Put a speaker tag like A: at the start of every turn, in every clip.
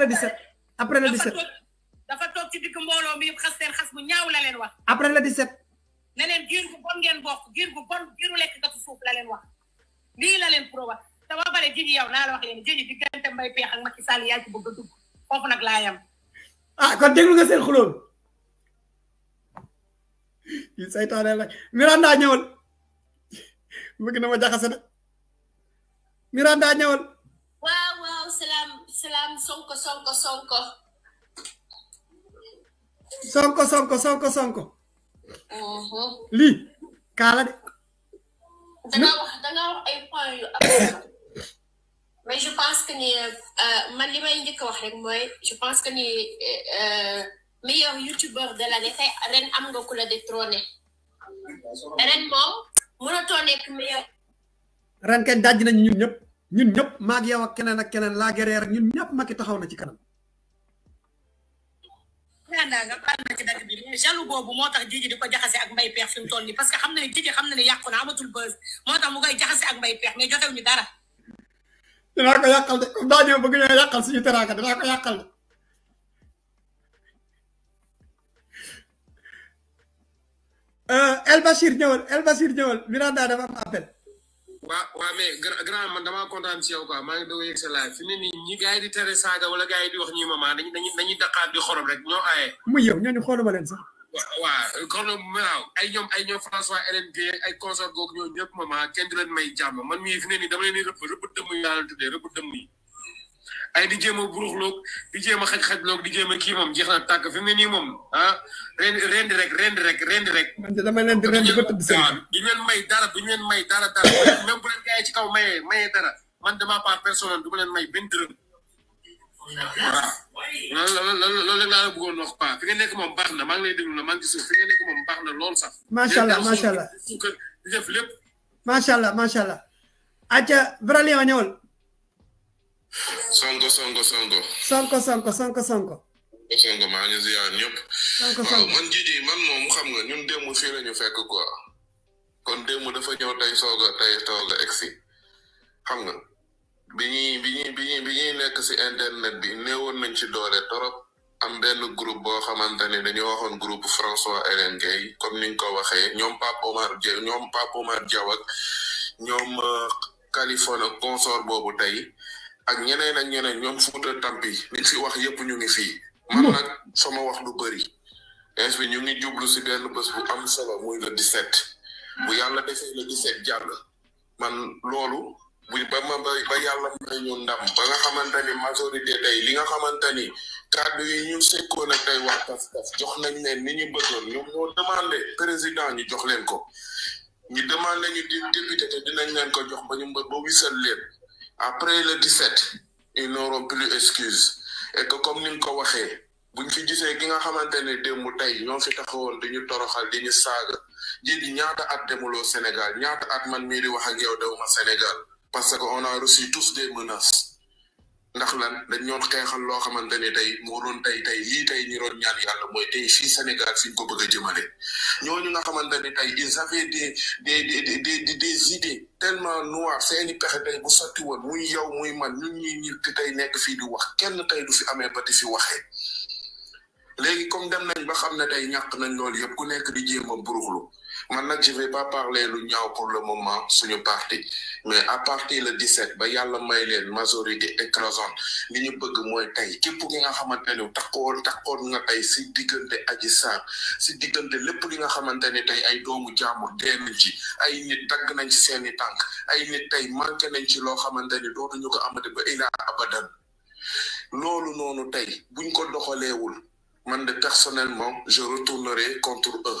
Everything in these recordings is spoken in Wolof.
A: le 17 après le 17.
B: dafa toog ci digg mbooloo mi yëpp xas seen xas bu ñaaw la leen wax. après le 17. ne leen giir bu bon ngeen bokk giir bu bon giiru lekk gatu suuf la leen wax lii la leen pro wax te ba pare jëji yow naa la wax leen jëji diggante mbay peex ak Macky Sall yaa ci bëgg a dugg foofu nag laa yam.
A: ah kon déglu nga seen xulóom yi saytaane la Miranda ñëwal bëgg na ma jaxase nag Miranda ñëwal.
B: salaam sonko sonko sonko.
A: sonko sonko sonko sonko.
B: lii kaala de. da wax da wax ay yu am je pense que ni man li may wax rek mooy je pense que ni meilleur youtubeur de l'année tey ren am nga ku la détrôné ren moom mënatoo nekk meilleur.
A: ren kenn daj nañu ñun ñëpp. ñun ñëpp maag yow ak keneen ak keneen laa géré rek ñun ñëpp Macky taxaw na ci kanam.
B: daanaka nga baal na bi mais boobu moo tax Jiji di ko jaxase ak Mbaye Peex fi mu toll nii parce que xam na ne Jiji xam na ne yàqu na amatul buzz moo tax mu koy jaxase ak Mbaye Peex mais jotewu ñu dara.
A: dinaa ko yàqal de comme daa ñëw bëgg ñoo yàqal suñu teraanga dinaa ko yàqal de. Euh, El Bachir ñëwal El Bachir ñëwal Miranda dafa appel.
C: waa waa mais grand man damaa kontaan ci yow quoi maa ngi doog yëg sa laaj fi ne nii ñi gars yi di tere saaga wala gars yi di wax ñuy maman dañuy dañuy dañuy daqaat xorom rek ñoo aaye.
A: mu yow ñooñu xooluma leen sax.
C: waaw xorom waaw ay ñoom ay ñoom François LNP ay consort googu ñoo ñëpp maman kenn du leen may jàmm man mii fi ne nii dama leen di rëbb rëbb dëmm yi laa tuddee rëbb dëmm ay di jéem a buruxloog di jéem a xaj-xajloog di jéem a kii moom jeex na tàkk fi mu nii moom ah ren rendi rek rendi rek rendi rek. man de dama leen di rendi ba tëdd seen duñ leen may dara may dara dara même bu leen kaw mayee mayee dara man de ma part personnelle du ma leen may benn dërëm. waaw loolu loolu loolu laa la bëggoon wax quoi fi nekk moom baax na maa ngi lay déglu la maa fi nga nekk moom baax na lool sax. macha allah macha allah di lépp.
A: macha allah macha allah. acca Bralion ñëwal.
C: sonko sonko sonko.
A: sonko sonko sonko sonko.
C: ñëpp. waaw
A: man jii man
C: moom xam nga ñun démb fii la fekk quoi. kon démb dafa ñëw tey soog a tey soog a egg xam nga bi ñuy bi nekk si internet bi néewoon nañ ci doole trop am benn groupe boo xamante ne dañoo waxoon groupe François Hélène Gueye comme ni nga ko waxee ñoom Pape Omar Diaw ñoom Pape Omar Diaw ak ñoom Californie euh, consort boobu tey. ak ñeneen ak ñeneen ñoom fuuta tampi liñ fi wax yépp ñu ngi fii man nag sama wax
D: du bëri ins bi ñu ngi jublu si benn bés bu am solo muy le 17 bu yàlla defee le 17 jàll man
C: loolu bu ba ma ba ba yàlla may ñu ndam ba nga xamante ni majorité tey li nga xamante ni kàddu yi ñu sekkoon ak tey wax taf taf jox nañ leen ni ñu bëggoon ñoom ñoo demandé président ñu jox leen ko ñu demandé ñu di député te dinañ leen ko jox ba ñu ba wisal leen après le 17 ils n'auront plus excuse et que comme nous nga ko waxee buñ fi gisee ki nga xamante ne démb tey ñoo fi taxawon di ñu toroxal di ñu saaga ji di ñaata at demulo Sénégal ñaata at man mi di wax ak yow dawma Sénégal parce que on a reçu tous des menaces ndax lan dañ ñoon xeexal loo xamante ne tey moo doon tey tey lii tey ñi doon ñaan yàlla mooy tey fii Sénégal fi ñu ko bëgg a jëmale ñooñu nga xamante ne tey ils avaient des des des des idées tellement noires seeni pexe tey bu sotti woon muy yow muy man ñun ñi ñi tey nekk fii di wax kenn tey du fi amee ba di fi waxee léegi comme dem nañ ba xam ne tey ñàkk nañ loolu yëpp ku nekk di jéem a buruxlu man je vais pas parler lu pour le moment suñu parti mais à partir le 17 ba yàlla may le majorité écrasante li ñu bëgg mooy tey képp ki nga xamante ne takkoon takkoon nga tey si diggante Adji Sarr si diggante lépp li nga xamante ne tey ay doomu jàmbur dee nañ ci ay nit dagg nañ ci seeni tànk ay nit tey manqué nañ ci loo xamante ne dootuñu ko amati ba ilaa abadan lolu nonu tay buñ ko wul man de personnellement je retournerai contre eux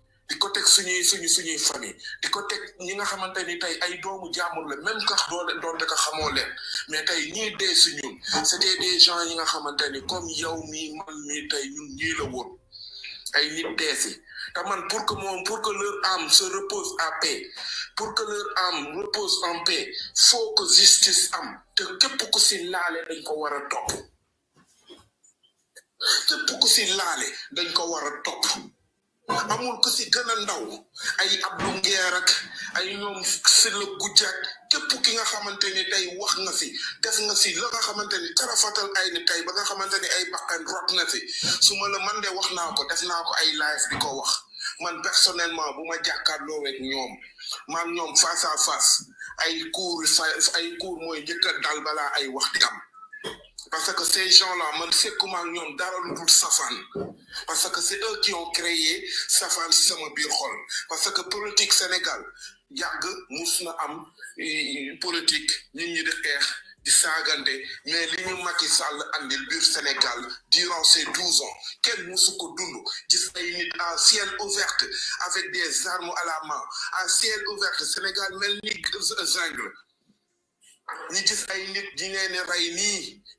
C: c'était des gens comme yow man ñun la pour que pour que leur âme se repose en paix pour que leur âme repose en paix faut que justice am te dañ ko amul ku si gën a ndaw ay Abdou Nguer ak ay ñoom Sylla Gujjaak képp ki nga xamante ni tey wax nga si def nga si la nga xamante ni tarafatal ay ni kay ba nga xamante ni ay bakkan rot na si suma la man de wax naa ko def naa ko ay live di ko wax man personnellement bu ma jàkkaarloo ak ñoom maam ñoom face à face ay cours ay cours mooy njëkk daal dal balaa ay wax di am. Parce que ces gens-là, man, c'est comment nous avons Safan. Parce que c'est eux qui ont créé Safan Sama Birhol. Parce que politique Sénégal, il y a am politique nit ñi di xeex di mais li Macky Sall andil Sénégal durant ces 12 ans quel musu ko dund ciel ouvert avec des armes à la main à ciel ouvert Sénégal mel ni jungle ni gis ay nit ni leen rey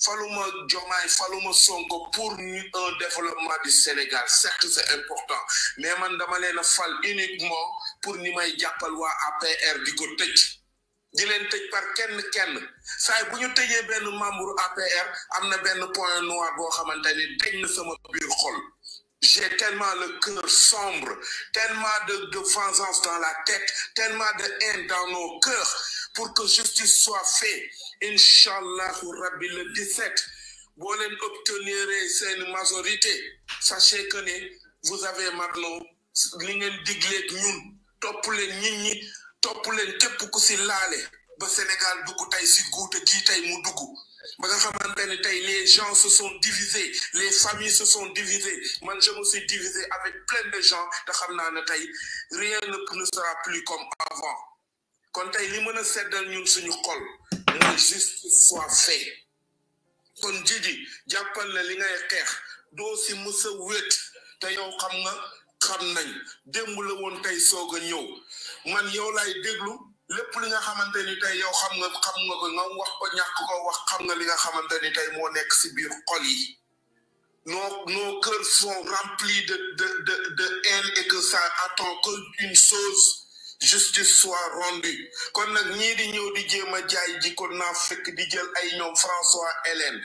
C: faluma Diomaye faluma songo pour un développement du Sénégal certes c'est important mais man dama leen fal uniquement pour ni may jàppal waa APR di ko di len tëj par kenn kenn Say nous teyé ben membre APR amna ben point noir boo xamanteni ni na sama biir xol j'ai tellement le cœur sombre tellement de de vengeance dans la tête tellement de haine dans nos cœurs pour que justice soit faite Inch'Allah vous rabbi le 17 vous obtenir une majorité sachez que vous avez maintenant li Vous vous ñun ñi Sénégal les gens se sont divisés les familles se sont divisées divisé avec plein de gens rien ne sera plus comme avant la justice soit faite kon jiji jàppal na li ngay xeex doo si mës a wét te yow xam nga xam nañ dembou la woon tey soog a ñëw man yow lay déglu lépp li nga xamante ni tey yow xam nga xam nga ko nga wax o ñàkk ko wax xam nga li nga xamante ni tey moo nekk si biir xol yi nos nos cœurs sont remplis de de de de haine et que ça attend que une chose justice soit rendue kon nag ñii di ñëw di jéem a jaay ji di François Hélène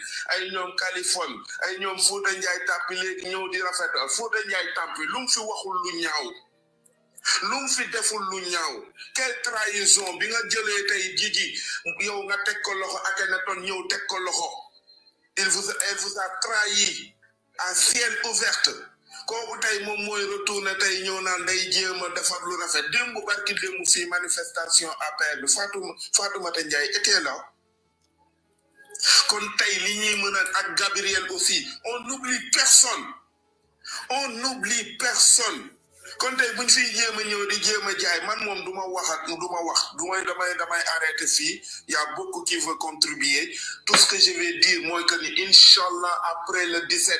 C: Californie ay Ndiaye di Ndiaye fi waxul lu ñaaw fi quelle trahison bi nga jëlee tey jiji yow nga ko loxo Akhenaton que ko loxo il vous vous a trahi à ciel ouverte kooku tay mom moy retourné tay ñëw naan day jéem a defar lu rafet dembu barki démb fii manifestation APR bi Fatou Fatoumata Ndiaye était là kon tay li ñuy mëna ak Gabriel aussi on n'oublie personne on n'oublie personne kon tay buñ fi jéem a ñëw di jéem a jaay man mom duma wax ak wax du damay damay arrêté Il y a beaucoup qui veut contribuer tout ce que je vais dire moy que ni Inshallah après le 17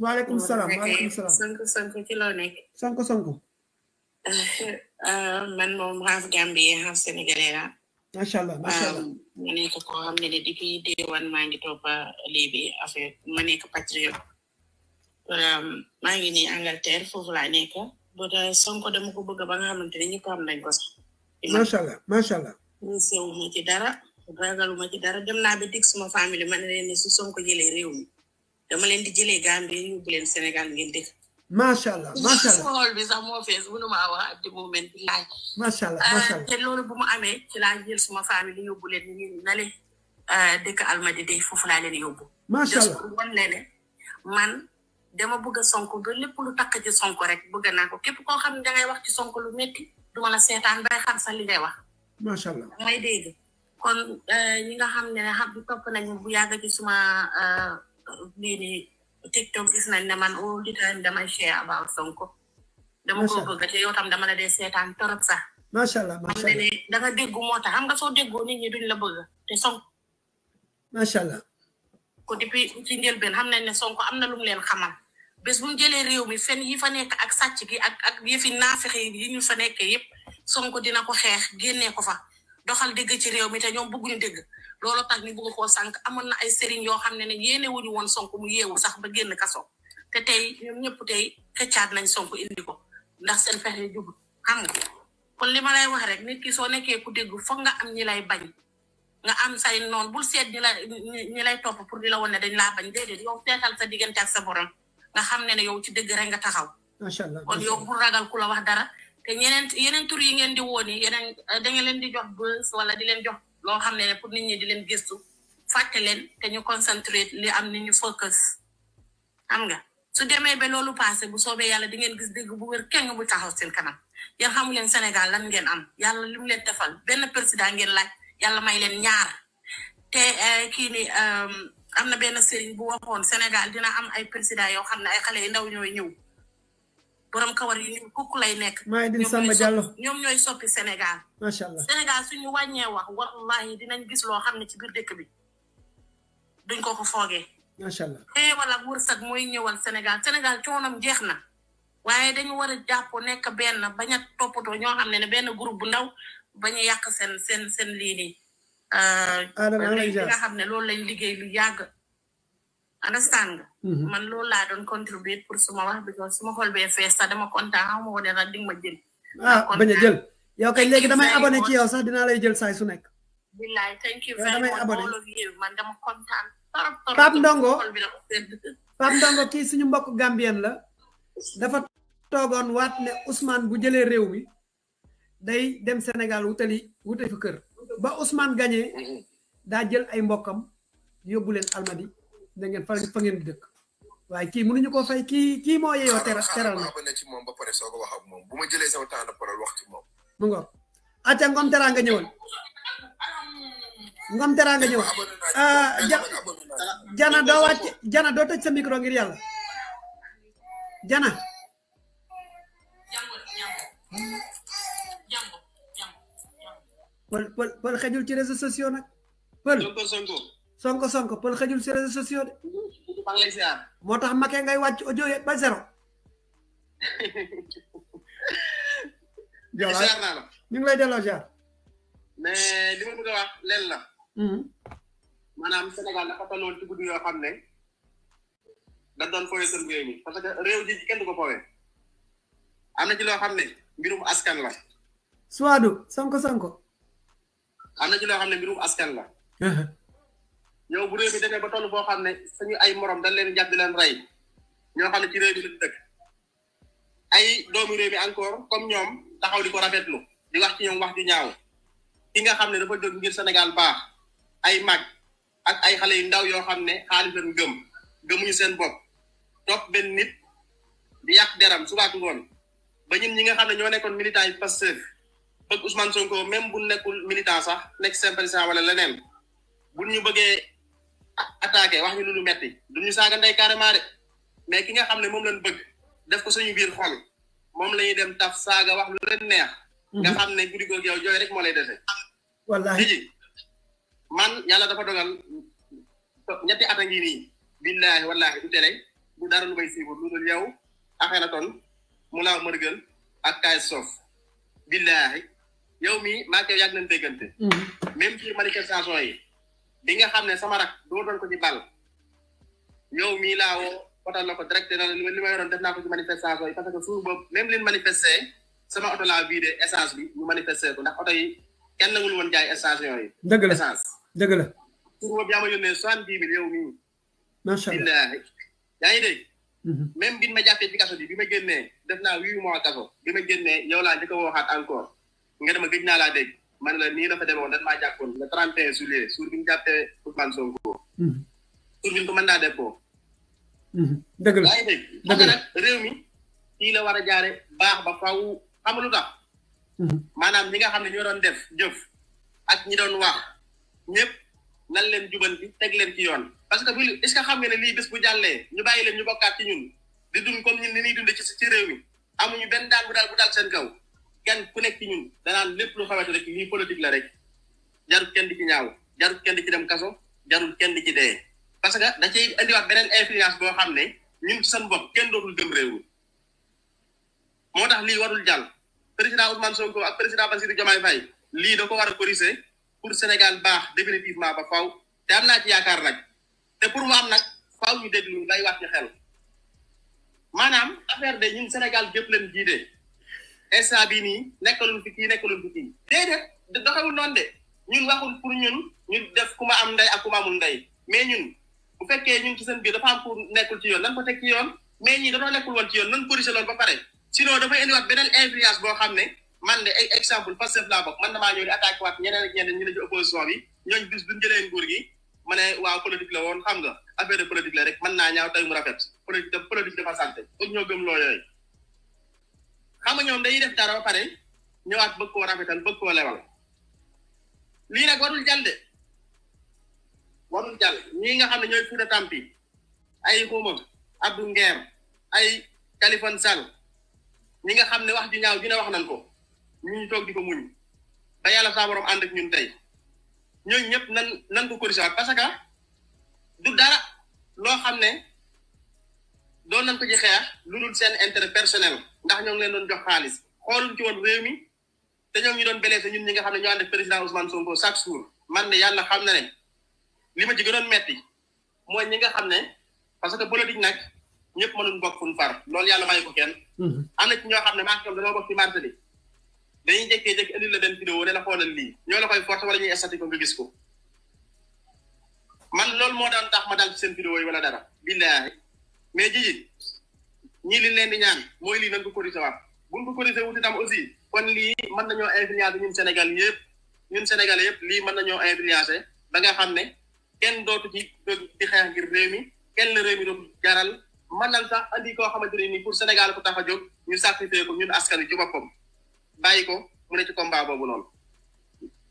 B: waaleykum salaam waaleykum salaam Sonko Sonko ci loo nekk. Sonko Sonko. Ah, man moom half Gambie half Sénégalais la.
D: macha allah macha
B: allah ah, ma nekk koo xam ne depuis day one maa ngi topp ah, lii bi affaire ma nekk patriote. maa ngi nii Angleterre foofu laa nekk bu dee Sonko dama ko bëgg ba nga xamante ne ñëpp am nañ ko sax. macha
A: allah macha allah.
B: ñu sew ci dara ragaluma ci dara dem naa ba dig suma famille ma ne leen su Sonko jëlee réew mi. dama leen di jëlee Gambie yóbbu leen Sénégal ngeen dëkk.
A: macha allah macha allah
B: xool bi sax moo fees mënu maa wax at the moment bi laaj.
A: macha allah macha allah
B: ah, te loolu bu mu amee ci laa jël suma ah, de foofu laa leen yóbbu. macha allah des wan leen man bëgg sonk ba lépp lu takk ci sonk rek bëgg naa ko képp koo xam ne dangay wax ci sonk lu métti duma la seetaan bay xam sax li ngay wax. macha allah may dégg kon ah, ñi nga xam ne xam topp nañu bu yàgg ci suma. lii di TikTok gis nañ ne man all the time damay share about Sonko dama ko bëgg te yow tam dama la dee seetaan torop sax
A: macha allah macha
B: allah moo tax xam nga soo déggoo nit ñi duñ la bëgg te Sonko macha ko depuis ci njëlbeen xam nañ ne sonk am na lum leen xamal bés bu jëlee réew mi fen yi fa nekk ak sàcc gi ak ak naa naafexe yi ñu fa nekkee yëpp Sonko dina ko xeex génnee ko fa doxal dëgg ci réew mi te ñoom bëgguñu dëgg looloo tax ni bëgg koo sànq amoon na ay sëriñ yoo xam ne ne yéene wuñu woon Sonko mu yeewu sax ba génn kaso te tey ñoom ñëpp tey këccaat nañ Sonko indi ko ndax seen fexe jubut xam nga kon li ma lay wax rek nit ki soo nekkee ku dégg foog nga am ñi lay bañ nga am say noonu bul seet ñi la ñi lay topp pour di la wane dañ laa bañ déedéet yow teetal sa diggante ak sa borom nga xam ne ne yow ci dëgg rek nga taxaw.
D: macha allah kon yow
B: bul ragal ku wax dara te ñeneen yeneen yi ngeen di woo nii yeneen da leen di jox bës wala di leen jox. loo xam ne pour nit ñi di leen gëstu fàtte leen te ñu concentré li am ni ñu focus xam nga su demee ba loolu passé bu soobee yàlla di ngeen gis dëgg bu wér keng bu taxaw seen kanam yéen xamu leen Sénégal lan ngeen am yàlla li mu leen defal benn président ngeen laaj yàlla may leen ñaar te eh, kii ni ehm, am na benn sëriñ bu waxoon Sénégal dina am ay président yoo xam ne ay xale yu ndaw ñooy ñëw. borom kawar yi ñu kukku lay nekk. maa ngi Samba Diallo ñoom ñooy soppi Sénégal. macha allah Sénégal suñu wàññee wax wallahi dinañ gis loo xam ne ci biir dëkk bi duñ ko ko foogee. macha allah xéewal ak mooy ñëwal Sénégal Sénégal coonam jeex na waaye dañu war a jàpp nekk benn bañ a toppatoo ñoo xam ne ne benn group bu ndaw bañ a yàq seen seen seen lii nii. Euh, nga xam ne loolu lañ liggéey lu yàgg. understand man mm-hmm. lo la doon contribute pour suma wax bi suma hol be bee fees dama content ha mo wonena ding ma jël ah bañ jël
A: yow kay léegi damay abonné ci yow sax dina lay jël say su nek
B: billahi thank you ya, very much all of you man dama content pap torop Pape Ndongo
A: Pape Ndongo kii suñu mbokk Gambien la dafa togon wat ne Ousmane bu jëlé réew mi day dem Sénégal wutali wutali fa kër ba Ousmane gagné da jël ay mbokam yobulen Almadi da ngeen fa fa ngeen dëkk waaye kii mënuñu koo fay kii kii moo yeyoo teral teral na
C: xaaral ci moom ba pare soog a wax ak moom bu ma jëlee sama temps de parole wax ci moom.
A: mu ngoog aca ngom teraa nga ñëwoon ngom teraa nga ñëwoon jana doo wàcc jana doo tëj sa micro ngir yàlla jana pël pël pël xejul ci réseaux sociaux nag pël sonko sonko pël xajul ci réseaux sociaux de mang lay ziar motax maké ngay wacc audio ba ya, zéro jël ziar na la ñu ngi lay délo ziar
C: mais li mu bëgg wax len la hmm manam sénégal dafa tolon ci guddu yo xamné da doon foyé sun réew mi parce que réew ji kenn du ko amna ci lo xamné mbirum askan la
A: suadu sonko sonko
C: amna ci lo xamné mbirum askan la ñoo bu réew bi demee ba toll boo xam ne suñu ay morom dañ leen jàpp di leen rey ñoo xam ne ci réew bi lañ dëkk ay doomu réew bi encore comme ñoom taxaw di ko rafetlu di wax ci ñoom wax ju ñaaw ki nga xam ne dafa jóg ngir Sénégal baax ay mag ak ay xale yu ndaw yoo xam ne xaalis lañ gëm gëmuñu seen bopp topp benn nit di yàq deram subaatu ngoon ba ñun ñi nga xam ne ñoo nekkoon militant yi Pastef bëgg Ousmane Sonko même bu nekkul militant sax nekk sympathisant wala leneen bu ñu bëggee attaqué wax ñu lu lu metti duñu saaga ndey carrément de mais ki nga xam ne moom lañ bëgg def ko suñu biir xol moom la ñuy dem taf saaga wax lu leen neex. nga mhm. xam ne guddi googu yow jooy rek moo lay dese. wallaahi ji man yàlla dafa dogal ñetti at a ngi nii. billaahi wallaahi du télé du dara lu may siiwul lu dul yow Akhenaton mu laaw mërgël ak kaay soof billaahi yow mii maa ngi koy nañ déggante. Mhm. même ci manifestation yi. bi nga xam ne sama rak doon ko ci bal yow mii laa woo otal la ko direct na li ma yoroon def naa ko ci manifestation yi parce que suuf boobu même leen manifester sama oto laa vidé essence bi ñu manifester ko ndax oto yi kenn wul woon jaay essence
A: yooyu. dëgg la essence dëgg la.
C: suuf boobu yaa ma yónnee soixante dix mille yow mii. macha allah yaa ngi dégg. Mhm. même bi ma jàppee ci kaso bi bi ma génnee def naa huit mois kaso bi ma génnee yow laa njëkk a waxaat encore nga dama gëj naa laa dégg. man la nii dafa demoon dañ maa jàppoon le 31 juillet suur bi ñu jàppee Ousmane ko suur hmm. bi ñu ko mën naa def ko.
A: Hmm. dëgg la waaye
C: dëgg réew mi kii la war a jaare baax ba faaw xamalu tax. Hmm. maanaam ñi nga xam ne ñoo doon def jëf ak ñi doon wax ñëpp nan leen jubanti teg leen ci yoon. parce que fii est-ce xam nga ne lii bés bu jàllee ñu bàyyi leen ñu bokkaat ci ñun di dund comme ñun ni ñuy dund ci ci réew mi amuñu benn daan bu daal bu daal seen kaw. kenn ku nekk ci ñun danaan lépp lu xamante rek lii politique la rek jarul kenn di ci ñaaw jarul kenn di ci dem kaso jarul kenn di ci dee parce que da cay indiwaat beneen influence boo xam ne ñun ci seen bopp kenn dootul dem réew mi moo tax lii warul jàll président Ousmane Sonko ak président Bassirou Diomaye Faye lii da ko war a corriger pour Sénégal baax définitivement ba faw te am naa ci yaakaar nag te pour mu am nag faaw ñu déglu lay wax ci xel maanaam affaire de ñun Sénégal gépp leen jiite instant bii nii nekkalul fi kii nekkalul fi kii déedéet doxewul noonu de ñun waxul pour ñun ñu def ku ma am ndey ak ku ma amul ndey mais ñun bu fekkee ñun ci seen biir dafa am pour nekkul ci yoon nan ko teg ci yoon mais ñii dañoo nekkul ba pare sinon dafay indiwaat beneen influence boo xam ne man de ay exemple Pastef laa bokk man damaa ñëw di attaqué waat ñeneen ak ñeneen ci opposition bi ñooñ bis buñu jëlee nguur gi ma waaw politique la woon xam nga affaire de politique la mën naa ñaaw tey mu rafet politique politique dafa santé ak loo yooyu xam nga ñoom dañuy def dara ba pare ñëwaat bëgg koo rafetal bëgg koo lewal lii nag warul jàll de warul jàll ñii nga xam ne ñooy Fouta Tampi ay xuuma Abdou ngeer ay Kalifon Sall ñi nga xam ne wax ju ñaaw dina wax nan ko ñu ñu toog di ko muñ ba yàlla saa borom ànd ak ñun tey ñooñu ñëpp nan nan ko corrigé waat parce que du dara loo xam ne doon nañ ko ci xeex lu dul seen intérêt personnel ndax ñoo ngi leen doon jox xaalis xooluñ ci woon réew mi te ñoo ngi doon beleese ñun ñi nga xam ne ñoo ànd ak président Ousmane Sonko chaque jour man ne yàlla xam na ne li ma ci gënoon metti mooy ñi nga xam ne parce que politique nag ñëpp mënuñ bokk fu ñu far loolu yàlla may ko kenn. Mhm. am na ci ñoo xam ne maa ngi koy dañoo bokk ci marché bi dañuy jékkee jékki indil la benn ne la xoolal lii ñoo la koy force wala ñuy estati ko gis ko. man loolu moo daan tax ma dal ci seen vidéo yi wala dara billaahi mais jiji ñii li leen di ñaan mooy lii nañ ko corrigé waat buñ ko corrigé wut itam aussi kon lii mën nañoo influencé ñun Sénégal yëpp ñun Sénégal yëpp lii mën nañoo influencé ba nga xam ne kenn dootu ci di xeex ngir réew mi kenn la réew mi dootu jaral mën nañ sax andi koo xamante ne nii pour Sénégal ko tax a jóg ñu sacrifié ko ñun askan wi ci boppam bàyyi ko mu ne ci combat boobu noonu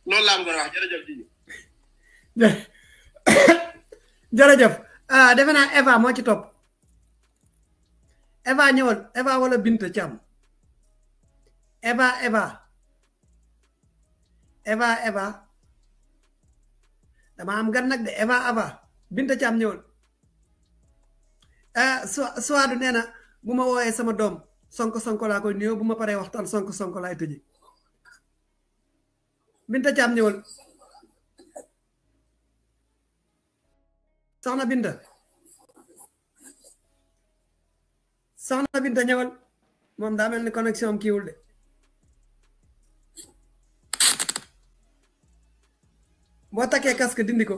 C: loolu laa bëggoon wax jërëjëf Djibi.
A: jërëjëf ah, defe naa Eva moo ci topp. Eva ñëwal Eva wala Binta Thiam Eva Eva Eva dama am gan nag de Eva Eva Binta Thiam ñëwal ah su suwaadu nee na bu ma wooyee sama doom sonko sonko laa koy nuyoo bu ma paree waxtaan sonko sonko laay tëjee Binta Thiam ñëwal soxna Binta. saxna binta ñëwal moom daa mel ni connexion am kiiwul de boo takkee casque dindi ko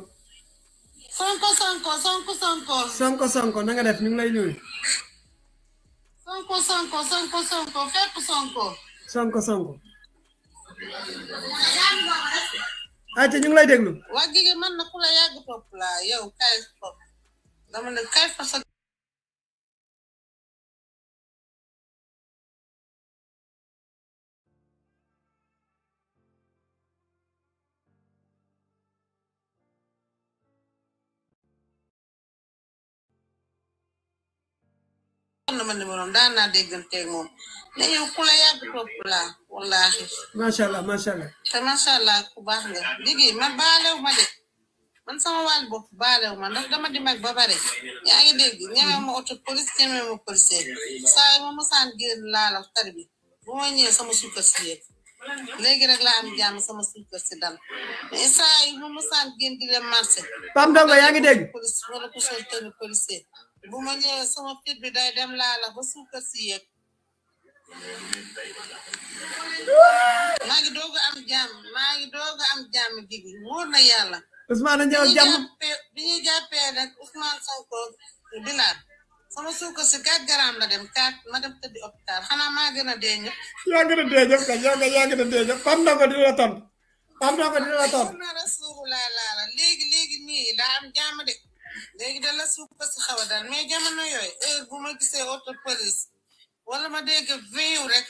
D: sonko sonko sonko sonko sonko
A: sonko na nga def ñu ngi lay ñuy
D: sonko sonko sonko sonko fépp sonko
A: sonko sonko ayca ñu ngi lay déglu
D: waa jigéen man na ku la yàgg topp yow kay topp dama ne kay fa ma numéro daan naa dégganteeg moom ne yow ku la yàgg topp laa wallaahi. macha allah ku baax nga liggéey man baalew ma de man sama wàll bopp baalew ma ndax dama di mag ba bare yaa ngi dégg ñeme ma oto police ñeme ma police saa yi ma mosaan génn laala tar bi bu ma ñëwee sama sukkar si yëpp léegi rek laa am jàmm sama sukkar si dal mais saa yi ma mosaan génn di leen marché. Pam yaa ngi dégg. bu ma ñëwee sama fit bi day dem laala ba suuka si yëg maa ngi doog am jàmm maa ngi doog am jàmm jigi wóor na yàlla Ousmane ñëw jàmm bi ñuy jàppee nag Ousmane Sonko bilaat sama suuka si quatre grammes la dem quatre ma dem tëddi hôpital xanaa maa gën a dee ñëpp
A: yaa gën a dee ñëpp kay yaa yaa gën a dee ñëpp xam naa ko dina la tontu xam naa ko dina la tontu
D: na rasulullah laala léegi léegi nii daa am jàmm de léegi da la suuf ba si xaw a daal mais jamono yooyu heure gu ma gisee oto police wala ma dégg veillé rek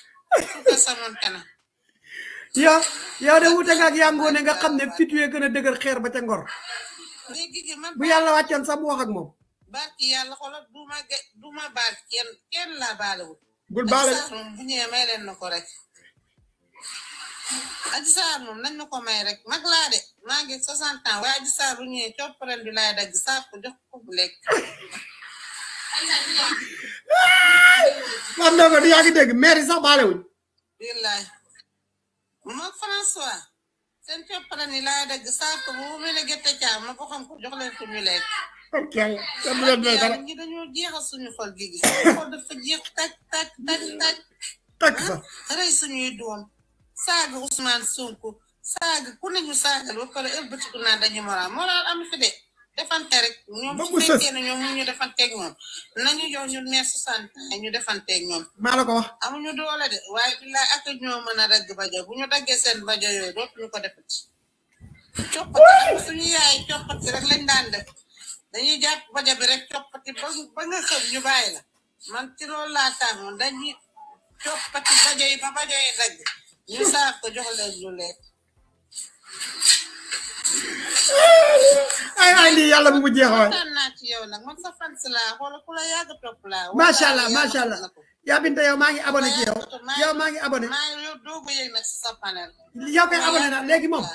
D: suuf sa samoon kanam.
A: yow yow de wuute nga ak yàngoone nga xam ne fit wee gën a dëgër xeer ba ca ngor.
D: léegi bu yàlla
A: wàccoon sa mu wax ak moom.
D: barki yàlla xoolal du ma ge du ma baal kenn kenn laa baalewul. bul baale bu ñëwee may leen na ko rek. Adji Sarr moom nañ ñu ko may rek mag laa de maa ngi soixante ans waaye Adji Sarr bu ñëwee coppareel bi laay dagg saako jox ko bu lekk. man ndogo
A: dégg maire yi sax baale
D: seen coppareel yi laay dagg saako bu mu mel ne gerte caam ko xam ko jox leen ko ñu lekk. ok yàlla suñu xol gi gi suñu xol dafa jeex tàkk tàkk tàkk tàkk. tàkk sax ah, rey suñuy saaga Ousmane Sonko saaga ku ne ñu saagal ba pare ëlbatiku naa dañu moral moral am fi de defante rek ñoom su fekkee ne ñoom ñu defanteeg ñoom nañu yow ñu ne soixante ans ñu defanteeg ñoom maa ko wax ñu doole de waaye billaay ak ñoo mën a dagg bajo bu ñu daggee seen bajo yooyu dootuñu ko defati coppati suñu yaay coppati rek lañ daan def dañuy jàpp bajo bi rek coppati ba ba nga ñu bàyyi la man ci loolu laa tàmmoon dañuy coppati yi ba bajo yi ñu saaf lii yàlla bu mu jeex waay naa ci yow nag man sa fan la yàgg topp allah macha allah
A: yaa binte yow maa ngi abonné ci yow
D: yow maa ngi abonné maa ngi doogu yow kay abonné naa
A: léegi moom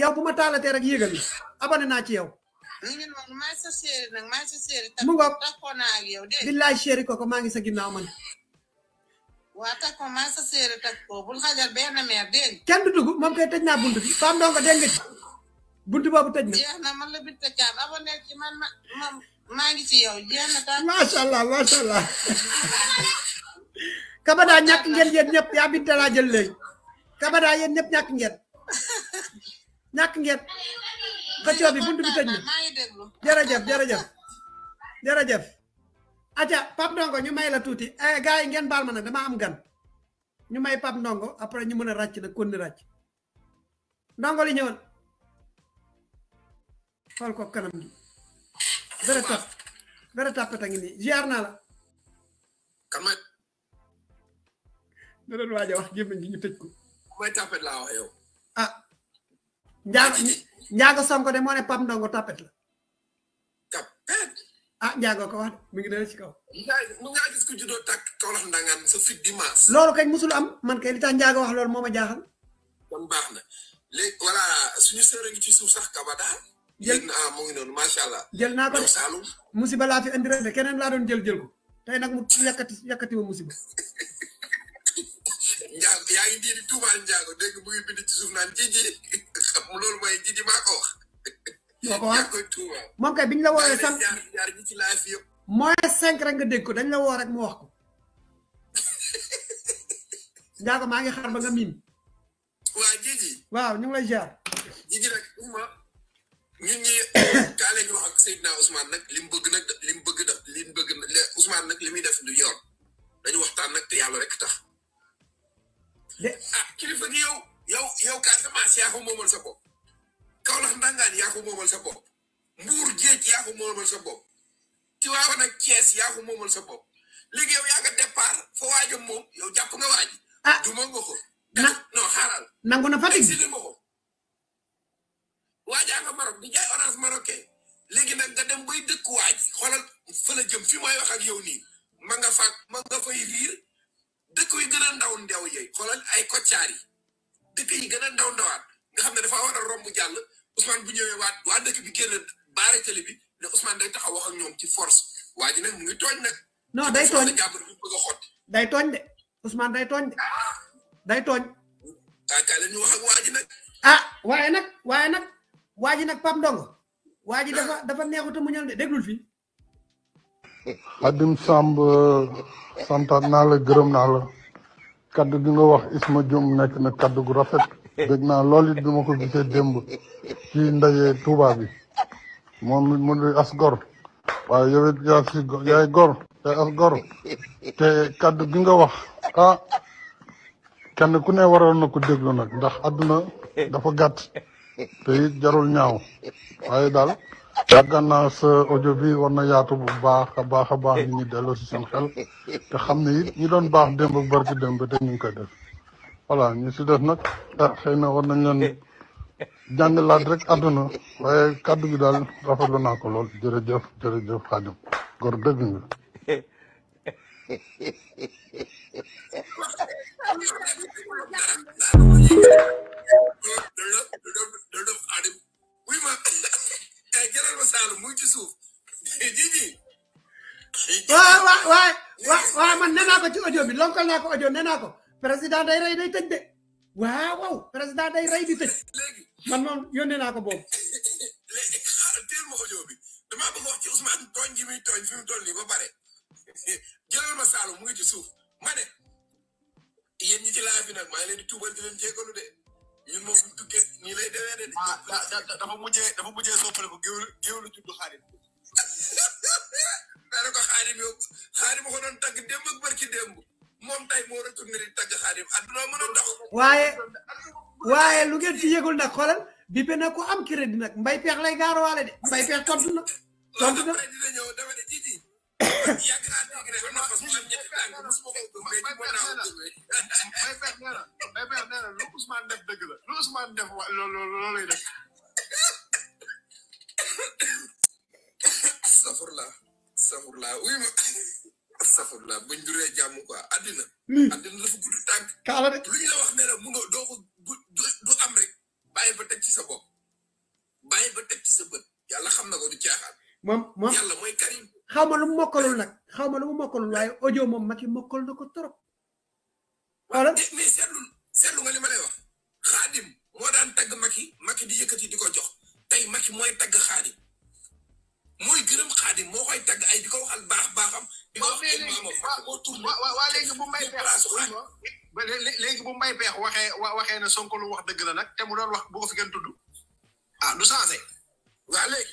A: yow bu ma taalatee rek yëgal abonné naa ci yow
D: mu ngi noonu maa ngi sa chéri maa
A: ngi sa chéri man
D: waata commencé séeréer teg ko bul xajal benn meer dégg
A: kenn du dugg moom kay tëj naa bunt bi faam doo nga dégg nga bunt boobu tëj na jeex
D: na man la bit tëccaat abonné ci man ma maa ngi ci yow jeex na taa macha
A: allah macha allah kabada ñàkk ngeen yéen ñëpp yaa binte laa jël léegi kabada yéen ñëpp ñàkk ngeen ñàkk ngeen xëccoo bi bunt bi tëj na jërëjëf jërëjëf jërëjëf aja Pape Ndongo ñu may la tuuti eh, gars yi ngeen baal ma nag dama am gan ñu may Pape Ndongo après ñu mën a racc nag kon ni ràcc Ndongo li ñëwal xool ko kanam gi bere tap bere naa la kama da doon waaja wax gémmiñ gi ñu tëj ko
C: may tapet laa wax yow
A: ah njaago njaago sonko de moo ne Ndongo tapet la ah jaago ko wax mi ngi dara ci kaw
C: mu nga gis ku juddoo tàkk kaw lax ndangaan sa fit dimanche
A: loolu kañ musul am man kay li tax njaago wax loolu moo jaaxal
C: kon voilà suñu sœur ngi ci suuf sax kabada na ngi allah
A: jël naa ko saalum musiba laa fi andi rek keneen laa doon jël jël ko tey nag mu yàkkati ya yàkkati ya ma musiba
C: ya, njaago ngi di tuumaal njaago dégg mu ngi bind ci suuf jiji xam jiji wax
A: moo ko wax
C: moom kay biñ la woowee sax
A: moins cinq rek nga dégg ko dañ la woo rek mu wax ko njaago maa ngi xaar ba nga miim waa jiji waaw ñu ngi lay jaar jiji rek
C: uma ñun ñi kaa leen wax ak Seydina Ousmane nag lim bëgg nag lim bëgg daf lim bëgg Ousmane nag li muy def du yoon dañu waxtaan nag te yàlla rek tax ah kilifa gi yow yow yow Casamance yaa ko moomal sa bopp Kaolack ndangaan yaa ko moomal sa bopp Mbuur géej yaa ko moomal sa bopp ci waaw nag Thiès yaa ko moomal sa bopp léegi yow yaa nga départ fa waajam moom yow jàpp nga waaj ah duma nga ko na non xaaral
A: nangu na Fatick exilé nga ko
C: waajaa nga Maroc di jaay orange marocain léegi nag nga dem bay dëkk waaj xoolal fa la jëm fi may wax ak yow nii ma nga fa ma nga fay riir dëkk yi gën a ndaw ndew yooyu xoolal ay koccaar yi dëkk yi gën a ndaw ndawaat nga xam ne dafa war a romb jàll Ousmane bu ñëwé waat wa dëkk bi kër baari télé bi né Ousmane day taxaw wax ak ñoom ci force waaji nak mu ngi togn nak
A: non day togn jàppale bu bëgg a day togn de Ousmane day togn ah. day togn ta kaay la ñu wax ak waaji nak ah waye nak waye nak waaji nak pam dong waaji dafa dafa neexut a muñal de déglul fi
C: Adim Samb euh, santaat naa la gërëm na la kaddu gi nga wax Isma jom nek na kaddu gu rafet. dégg naa loolu it bi ma ko gisee démb ci ndaje Touba bi moom mu di as gor waaye yow it yaa si yaay gor te as gor te kàddu gi nga wax ah kenn ku ne waroon na ko déglu nag ndax àdduna dafa gàtt te it jarul ñaaw waaye daal yaakaar naa sa audio bi war na yaatu bu baax a baax a baax nit ñi delloo si seen xel te xam ne it ñi doon baax démb barki démb te ñu koy def voilà ñu ci def nak ah war nañ leen laat rek àdduna waaye kàddu gi daal rafetlu naa ko jeuf jere jeuf xaadim gor
D: deug nga
A: man ci audio bi lonkal audio président day rey day tëj de waaw waaw président day rey di tëj man moom yónnee naa ko boobu. léegi eh, eh, eh, xaaral teel ma audio
C: bi damaa bëgg wax ci Ousmane tooñ ji muy fi mu toll nii ba pare jëlal ma Saalum mu ngi ci suuf ma ne yéen ñi ci laaj bi nag maa ngi leen di tuubal di leen de ñun moom bu ñu tukkee nii lay demee de. ah dafa ma dafa mujjee soppale bu géwél géwélu tudd xaarit. daa ne ko xaarit yow xaarit ma ko doon tagg démb ak barki démb. moom tey moo retourné
A: a waaye lu ngeen fi yëgul nag xoolal bi nag ko am crédit nag mbay peex lay gaaruwaale de mbay peex tontu na. tontu na dina def
C: dëgg la lu ma. sa astafurlah buñ duree jàmm ko addina. addina dafa gudd tànk. kaala de lu ñu la wax ne la mënoo doo ko du am rek bàyyi ba teg ci sa bopp
A: bàyyi ba teg ci sa bët yàlla xam na ko di caaxaan. moom moom yàlla mooy karim. xaw ma lu mu mokkalul nag xaw ma lu mu mokkalul waaye audio moom Macky mokkal na ko trop. voilà
C: mais seetlu seetlu nga li ma lay wax xaadim moo daan tagg Macky Macky di yëkkati di ko jox tey Macky mooy tagg xaadim mooy gërëm xaadim moo koy tagg ay di ko waxal baax baaxam. waaw léegi bu mbay peex léegi bu mbay peex waxee waxee ne Sonko lu wax dëgg la nag te mu doon wax bu ko fi kenn tudd ah du changé waaw léegi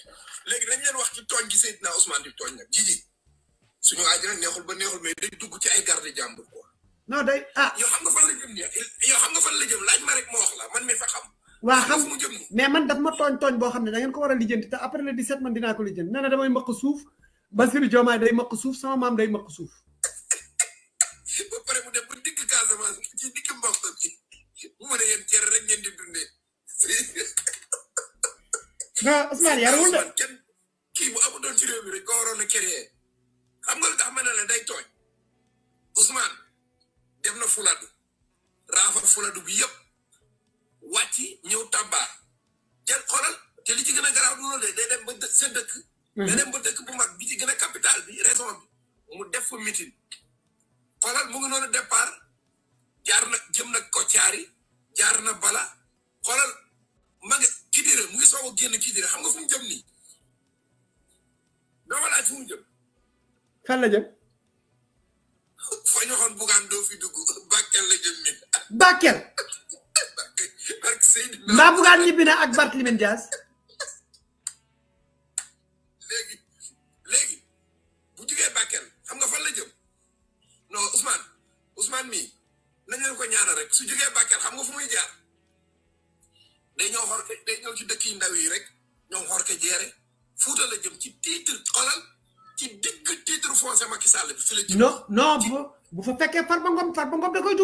C: léegi dañ leen wax ci tooñ gi Seydina Ousmane di tooñ nag jiji suñu aaj nag neexul ba neexul mais day dugg ci ay garde jàmbur quoi non day ah yow xam nga fan la jëm ni yow xam nga fan la jëm laaj ma rek ma wax la man mi fa
A: xam waa xam mu jëm mais man daf ma tooñ tooñ boo xam ne da ngeen ko war a lijjanti te après le 17 man dinaa ko lijjanti nee na damay mbaq suuf Bassirou Diomaye day maq suuf sama maam day maq suuf. ba pare mu dem ba
C: digg Casamance ci digg mbokk bi mu mën a yem cere rek ngeen di dundee.
A: non Ousmane yarawul de.
C: kenn kii bu amu doon ci réew mi rek ko waroon a créer xam nga lu tax ma ne la day tooñ Ousmane dem na Fuladu raafa Fuladu bi yëpp wàcci ñëw Tamba jël xoolal te li ci gën a garaaw du loolu de day dem ba sa dëkk. nga dem ba dëkk bu mag bi gën a capital bi raison bi mu def fa meeting xoolal mu ngi noonu départ jaar na jëm na Kothiari jaar na Bala xoolal ma nga Kidira mu ngi soog a génn Kidira xam nga fu jëm nii doo ma laaj fu mu jëm. fan la jëm. foo ñu waxoon doo fi dugg Bakel la jëm
A: nii. Bakel. Bakel. mbaa ñibbi na ak Barthélémy Dias.
C: su jógee Bakel xam nga fu muy jaar day ñëw xorke day ñëw ci dëkk yi ndaw yi rek ñoom xorke jeere Fuuta la jëm ci titre xolal ci digg titre foncé Macky Sall bi fi la jëm.
A: non bu bu fa fekkee Farba Ngom Farba Ngom da koy de.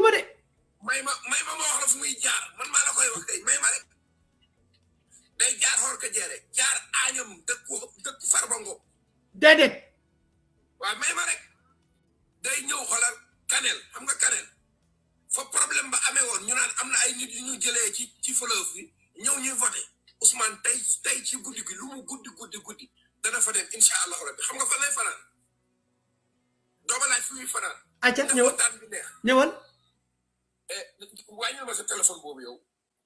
C: may ma may ma ma wax fu muy jaar man maa la koy wax kay may ma rek day jaar xorke jeere jaar aañam dëkk dëkk Farba Ngom. déedéet. waaw may ma rek day ñëw xolal kanel xam nga kanel. fa problème ba amee woon ñu naan am na ay nit yu ñu jëlee ci ci fleuve bi ñëw ñuy voté Ousmane tey tey ci guddi gi lu mu guddi guddi guddi dana fa dem incha allahu rabbi xam nga fa lay fanaan dooma laaj fi muy fanaan.
A: acca ñëwal ñëwal.
C: Eh, wàññil ma boobu yow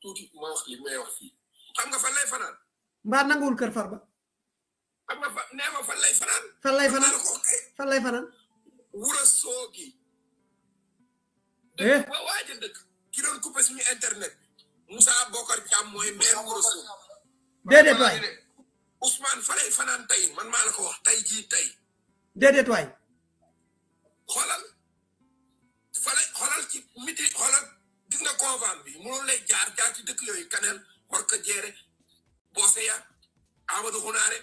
C: tuuti ma wax li wax fii xam nga fan lay fanaan.
A: mbaa nanguwul kër Farba.
C: xam nga fa nee ma fan lay fanaan.
A: fan lay fanaan fan lay fanaan.
C: wura soogi. Eh? waa waa jënd ki doon coupé suñu internet Moussa Bokar Thiam mooy maire Ourossogui. déedéet waay Ousmane fa lay fanaan tey man maa la ko wax tey jii tey. déedéet waay. xoolal fa lay xoolal ci miti xoolal gis nga convent bi mënoon lay jaar jaar ci dëkk yooyu Kanel Korka Jeere Boseya Amadou Xunaare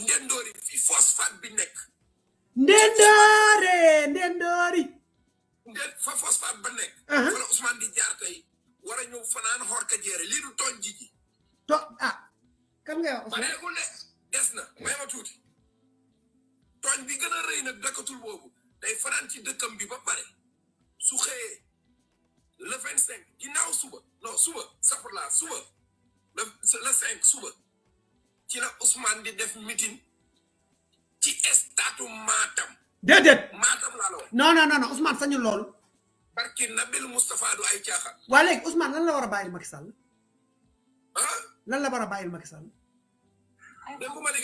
C: Ndendoori fi phosphate bi nekk.
A: Ndendoori Ndendoori.
C: fa phosphate ba nekk. Uh-huh. fa Ousmane di jaar tey war a xor ka du ji ji. to ah. kan nga wax Ousmane ne des na may ma tuuti. tooñ bi gën a rëy nag dakkatul day fanaan ci dëkkam bi ba pare su le vingt cinq suba non suba safar suba le le suba ci la Ousmane di def meeting ci estatu Matam.
A: déedéet non non non Ousmane sañu loolu.
C: barki Nabil Moustapha du ay caaxaan.
A: waa léegi Ousmane lan la war a bàyyil Macky Sall. Ah? lan la war a bàyyil Macky Sall. déggu ma li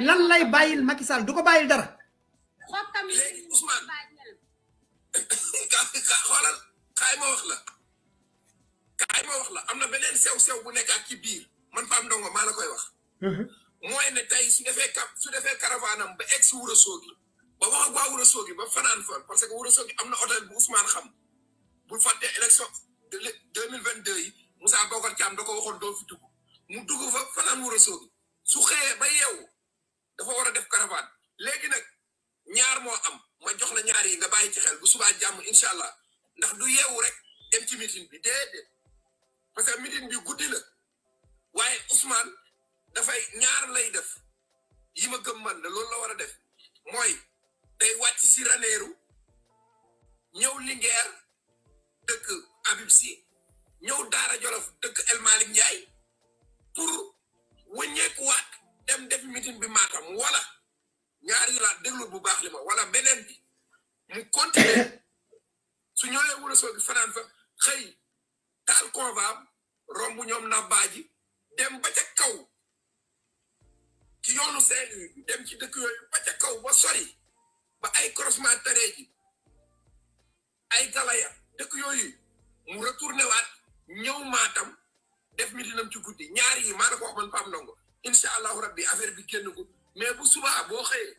A: ngay lay bàyyil Macky Sall du ko bàyyil dara.
B: léegi Ousmane xoolal
C: kaay ma wax la kaay ma wax la am na beneen sew sew bu nekkaat ci biir man Pape Ndongo maa la koy wax. mooy ne tey su defee cap su defee caravane am ba egg si Wuro Sogi ba wax ak waa Ourossogui ba fanaan fa parce que Ourossogui am na hôtel bu Ousmane xam bu fàtte élection deux mille vingt deux yi Moussa Bocar Thiam da ko waxoon doo fi dugg mu dugg fa fanaan Ourossogui su xëyee ba yeewu dafa war a def caravane léegi nag ñaar moo am ma jox na ñaar yi nga bàyyi ci xel bu subaa jàmm incha allah ndax du yeewu rek dem ci meeting bi déedéet parce que meeting bi guddi la waaye Ousmane dafay ñaar lay def yi ma gëm man la loolu la war a def mooy. day wàcc si Ranéeru ñëw Linguère dëkk Habib Sy ñëw Daara Jolof dëkk El Malick Ndiaye pour wëññeekuwaat dem def meeting bi Matam wala ñaari laa déglu bu baax li ma wala beneen bi mu continuer su ñëwee wala soo gi fanaan fa xëy taal konvaam romb ñoom na baaji dem ba ca kaw ci yoonu saint dem ci dëkk yooyu ba ca kaw ba sori ba ay croisement terrain ji ay galaya dëkk yooyu mu retourné waat ñëw maatam def mitinam ci guddi ñaar yi maa la ko wax man Pape Ndongo allahu rabbi affaire bi kenn ko mais bu subaa boo xëyee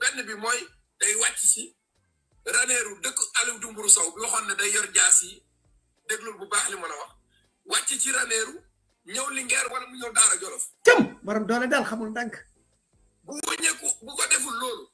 C: benn bi mooy day wàcc si raneeru dëkk Aliou Dumburu Sow bi waxoon ne day yor jaas yi déglul bu baax li ma la wax wacc ci raneeru ñëw Linguère wala mu ñëw Daara Jolof. cëm
A: waram doole daal xamul ndànk.
C: bu wëññeeku bu ko deful loolu.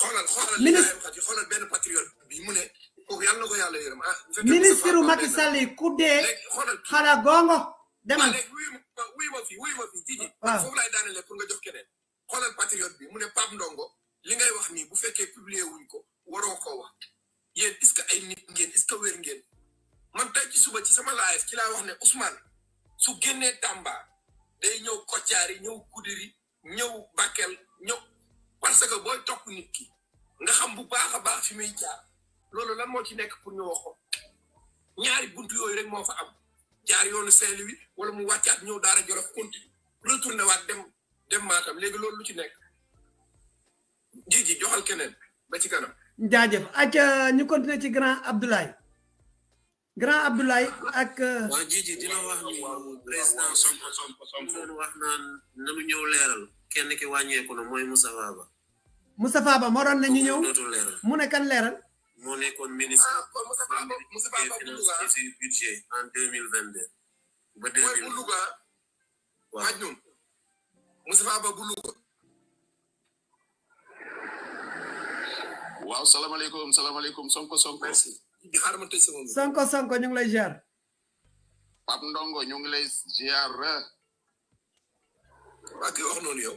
A: xoolal xoolal ministre
C: xoolal benn patriote bi mu ne na ko yàlla yërëm ah.
A: ministre Macky Sall yi ku dee. xala gongo demal wuy ma
C: fi wuy ma fi jiji foofu laay daanele pour nga jox keneen xoolal patriote bi mu ne Pape Ndongo li ngay wax nii bu fekkee publier wuñ ko waroo koo wax yéen est ka que ay nit ngeen est-ce que wér ngeen man tey ci suba ci sama live ci laay wax ne Ousmane su génnee Tamba day ñëw Kothiari ñëw Goudiri ñëw Bakel ñëw parce que booy topp nit ki nga xam bu baax a baax fi muy jaar loolu lan moo ci nekk pour ñu waxoon ñaari buntu yooyu rek moo fa am jaar yoonu Saint-Louis wala mu wàccaat ñëw daara Jolof continue retourné waat dem dem Matam léegi loolu lu ci nekk ji ji joxal keneen ba ci kanam.
A: jaajëf ak ñu continuer ci grand Abdoulaye. grand Abdoulaye ak. waa ji ji dina wax ni président Sonko Sonko Sonko wax
C: naan nanu ñëw leeral. kenn ki wàññeeku e na mooy Moustapha Ba
A: Moustapha Ba moo doon ñu ñëw mu ne kan leeral
C: moo nekkoon ministre du ah, budget en deux mille vingt deux ba deux mille bu Louga waaj ñun Moustapha Ba bu Louga waaw salaamaaleykum salaamaaleykum sonko sonko xaar ma tëj sama
A: sonko sonko ñu ngi lay ziar
C: Pape Ndongo ñu ngi lay ziar waa kay wax noonu yow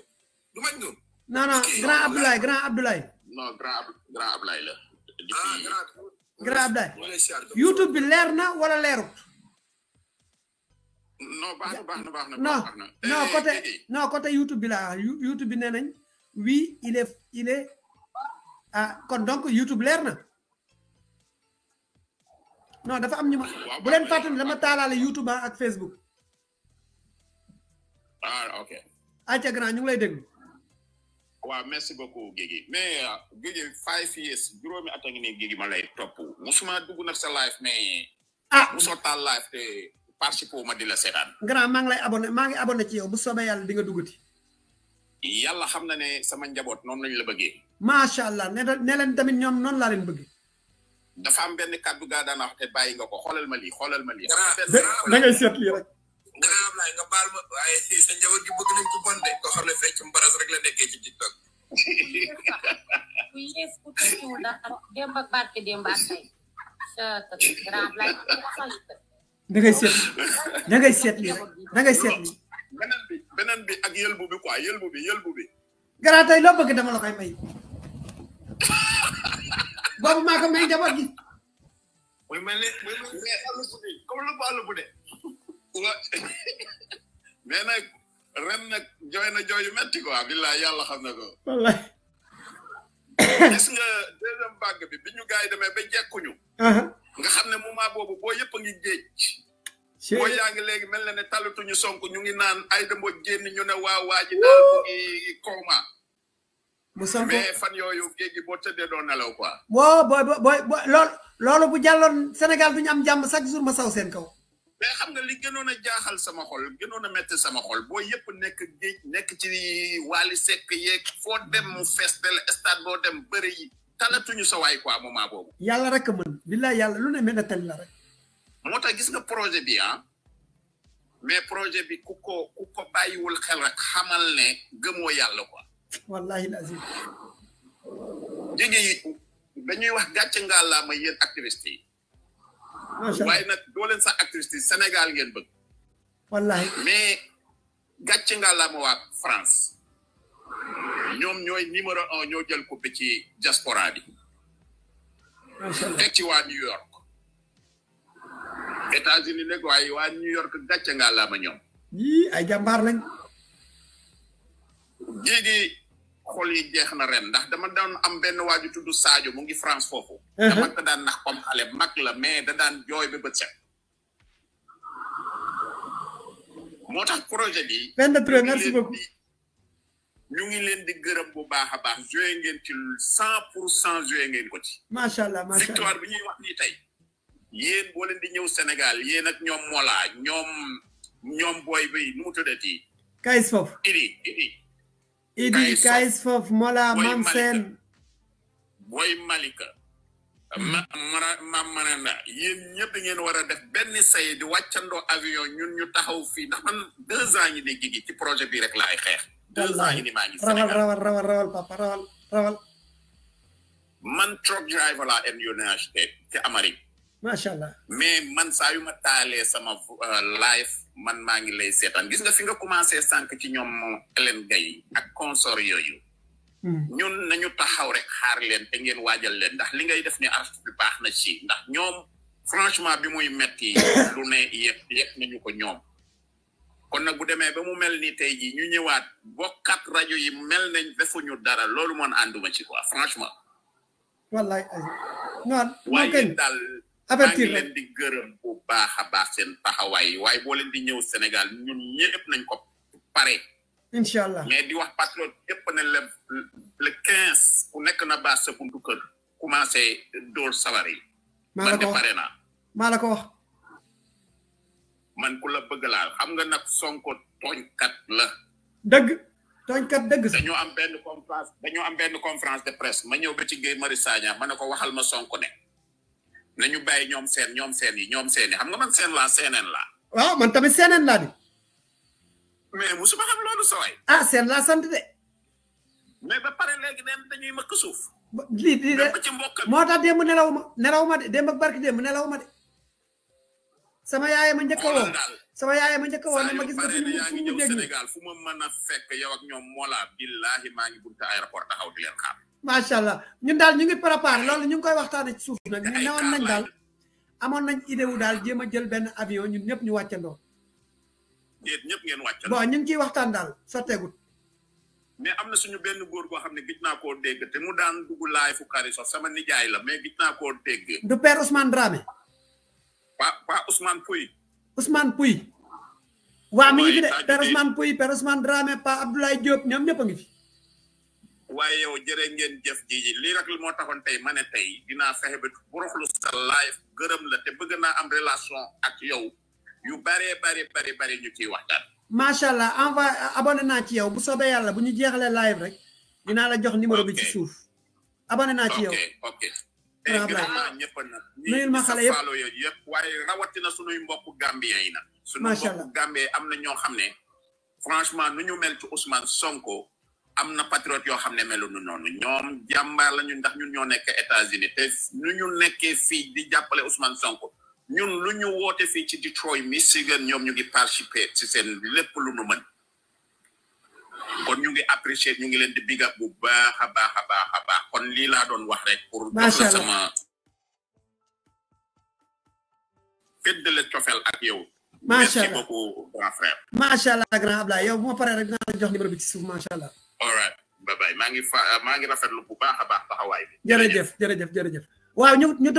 C: du maj noonu.
D: non non grand Abdoulaye grand Abdoulaye. Ah, grand grand
A: YouTube bi leer wala leerul.
C: non baax na baax na baax na.
A: non a eh, côté eh, eh. non côté YouTube bi la YouTube bi nee nañ oui ah kon donc YouTube leer na. non dafa am ñu bu leen fàttali dama taalaale YouTube ak Facebook. ah ok. acca grand ñu lay déglu
C: Wa merci beaucoup Gigi. mais ya, Gigi 5 years juromi at a ngi ne ma lay top. musuma dugg nak sa live mais ah musoo taal live parce que ma di la sétane.
A: grand ma ngi lay abonné ma ngi abonné ci yow bu soobee Yalla di nga duggati
C: Yalla xam na ne sama njabot non lañ la bëggé.
A: Ma sha allah né ne leen tamit ñom non la leen bëggé.
C: dafa am benn kaddu gaa daan wax te bàyyi nga ko xoolal ma lii xoolal ma lii da ngay seet lii rek nga Ablaye nga baal ma waaye sa njaboot gi bëgg nañ ko bon de ko xam fecc mbaras rek la nekkee ci tiktok
B: ku yees ku tekkiw dara démb ak barke démb ak tey grand Ablaye da ngay da
A: ngay da ngay
C: bi beneen bi ak yëlbu bi quoi yëlbu bi yëlbu bi
A: Gara tey loo bëgg dama la koy may boobu maa may jabar gi
C: muy mel ni muy ni comme lu bu mais nag ren na jooy na jooy yu metti quoi billaay yàlla xam na ko.
D: wallaay. gis
C: nga deuxième vague bi bi ñu gars yi demee ba jekkuñu. nga xam ne moment boobu boo yëpp a ngi géej. boo yaa ngi léegi mel na ne talatuñu sonk ñu ngi naan ay demboo génn ñu ne waa waa ji daal mu ngi kooma.
A: mu sonk mais fan
C: yooyu géej gi boo tëddee doo nelaw quoi.
A: woo booy booy booy loolu loolu bu jàlloon Sénégal du ñu am jàmm chaque jour ma saw seen kaw.
C: mais xam nga li gënoon a jaaxal sama xol gënoon a metti sama xol boo yëpp nekk géej nekk ci Wally Seck yeeg foo dem
A: mu festel stade boo dem bëri yi talatuñu sa waay quoi moment boobu. yàlla rek a mën billaay yàlla lu ne mën a tali la rek.
C: moo tax gis nga projet bi ah mais projet bi ku ko ku ko bàyyiwul xel rek xamal ne gëmoo yàlla quoi.
A: wallahi lazim.
C: léegi dañuy wax gàcce ngàllaama yéen activiste yi. waaye nag doo leen sax activité Sénégal ngeen bëgg. wallahi mais gàcce nga la waa France ñoom ñooy numéro un ñoo jël coupe ci diaspora bi. fekk ci waa New York. États-Unis nag waaye waa New York gàcce nga la ñoom.
A: yii ay jàmbaar lañ.
C: Guigui. xol yi jeex na ren ndax dama daan am benn waaju tudd Sadio mu ngi France foofu. Uh-huh. dama ko daan nax comme xale mag la mais da daan jooy ba bët set. moo tax projet
A: bi. benn pré merci beaucoup
C: ñu ngi leen di gërëm bu baax a baax joué ngeen ci cent pour
A: cent joué ngeen ko ci. macha allah macha allah victoire bi ñuy wax nii tey. yéen boo leen di ñëw Sénégal yéen
D: ak ñoom Mola ñoom ñoom booy bi nu mu tuddati.
A: kayis foofu
C: idi idi
A: idi kayis foofu mola mam seen
C: booy malika ma mam mananda yéen ñëpp ngeen war a def benn say di wàccandoo avion ñu ñu taxaw fii ndax man deux ans ñi ci projet
A: bi rek la ay xeex deux ans ñi
C: man truck driver laa en United States ci Amérique ma allah mais man saa yu ma taalee sama euh, live man maa ngi lay seetaan gis nga fi nga commencé sànq ci ñoom Hélène Gaye ak consort yooyu. Hmm. ñun nañu taxaw rek xaar leen te ngeen waajal leen ndax li ngay def ni artiste bi baax na ci ndax ñoom franchement bi muy metti lu ne yëpp yëpp nañu ko ñoom. kon nag bu demee ba mu mel ni tey jii ñu ñëwaat bokkat rajo yi mel nañ
A: defuñu dara loolu moon ànduma ci quoi franchement. wallaay non non
C: daal. à partir leen di gërëm bu baax a baax seen taxawaay waaye boo leen di ñëw Sénégal ñun ñëpp nañ ko pare.
A: incha allah mais
C: di wax patriote yëpp ne le le quinze ku nekk na baax sa buntu kër commencé dóor sabar yi. maa la ko wax man maa la ko wax. man ku la bëgg laa xam nga nag sonko tooñkat la.
A: dëgg tooñkat dëgg sax.
C: am benn conférence dañoo am benn conférence de presse ma ñëw ba ci Guy Marius Sagna ma ne ko waxal ma sonko ne nañu bay ñom seen ñom seen yi ñom seen yi xam nga man seen la seenen la
A: waaw man tamit seenen la di
C: mais musuma xam lolu saway
A: ah seen la sante de mais ba pare léegi dem dañuy mëkk suuf li di de mo ta dem nelawuma nelawuma de dem ak barki dem nelawuma de sama yaay ma njëkk woon sama yaay ma njëkk woon ma gis nga fi fu mu Sénégal
C: fu ma mëna fekk yow ak ñom mola billahi ma ngi bunta aéroport taxaw di leen xaar
A: Masya allah ñun daal ñu ngi préparé loolu ñu ngi koy waxtaane ci suuf nag ñu newoon nañ amoon nañ idée wu daal jéem a jël benn avion ñun ñëpp ñu wàccandoo
C: ñëpp ngeen wàccandoo
A: bon ñu ngi ciy waxtaan daal sotteegut
C: mais am na suñu benn góor goo xam ne gis naa koo dégg te mu daan dugg laay fu kari sof sama nijaay la mais gis naa koo dégg du père Ousmane Dramé pa pa Ousmane Pouy
A: Ousmane Pouy waa mi ngi fi de père Ousmane Pouy père Ousmane Dramé pa Abdoulaye Diop ñoom ñëpp a ngi fi
C: waaye yow jëre ngeen jëf ji lii rek moo taxoon tey ma ne tey dinaa fexe ba boroxlu sa live gërëm la te bëgg naa am relation ak yow yu baree bari bari bari ñu ciy waxtaan.
A: macha allah envoyé abonné naa ci yow bu soobee yàlla bu ñu jeexalee live rek dinaa la jox numéro bi ci suuf. abonné naa ci yow ok ok. ñëpp nag nuyul ma xale yëpp faalo
D: yëpp
C: waaye rawatina suñuy mbokku gambien yi nag. macha allah suñu mbokku gambien am na ñoo xam ne franchement nu ñu mel ci Ousmane Sonko. am na patriote yoo xam ne meluñu noonu ñoom jàmbaar la ñun ndax ñun ñoo nekk États-Unis te nu ñu nekkee fii di jàppale Ousmane Sonko ñun lu ñu woote fii ci Detroit Michigan ñoom ñu ngi participer ci seen lépp lu nu mën kon ñu ngi apprécier ñu ngi leen di biga bu baax a baax a baax a kon lii laa doon wax rek pour doxla sama feddale cofeel ak yow
A: macha allah merci
C: beaucoup grand frère
A: macha allah grand Ablaye yow moo pare rek dinaa la jox numéro bi ci suuf macha allah all
C: right bye bye maa ngi fa maa ngi rafetlu bu baax a baax taxawaay bi. jërëjëf jërëjëf jërëjëf
A: waaw ñu ñu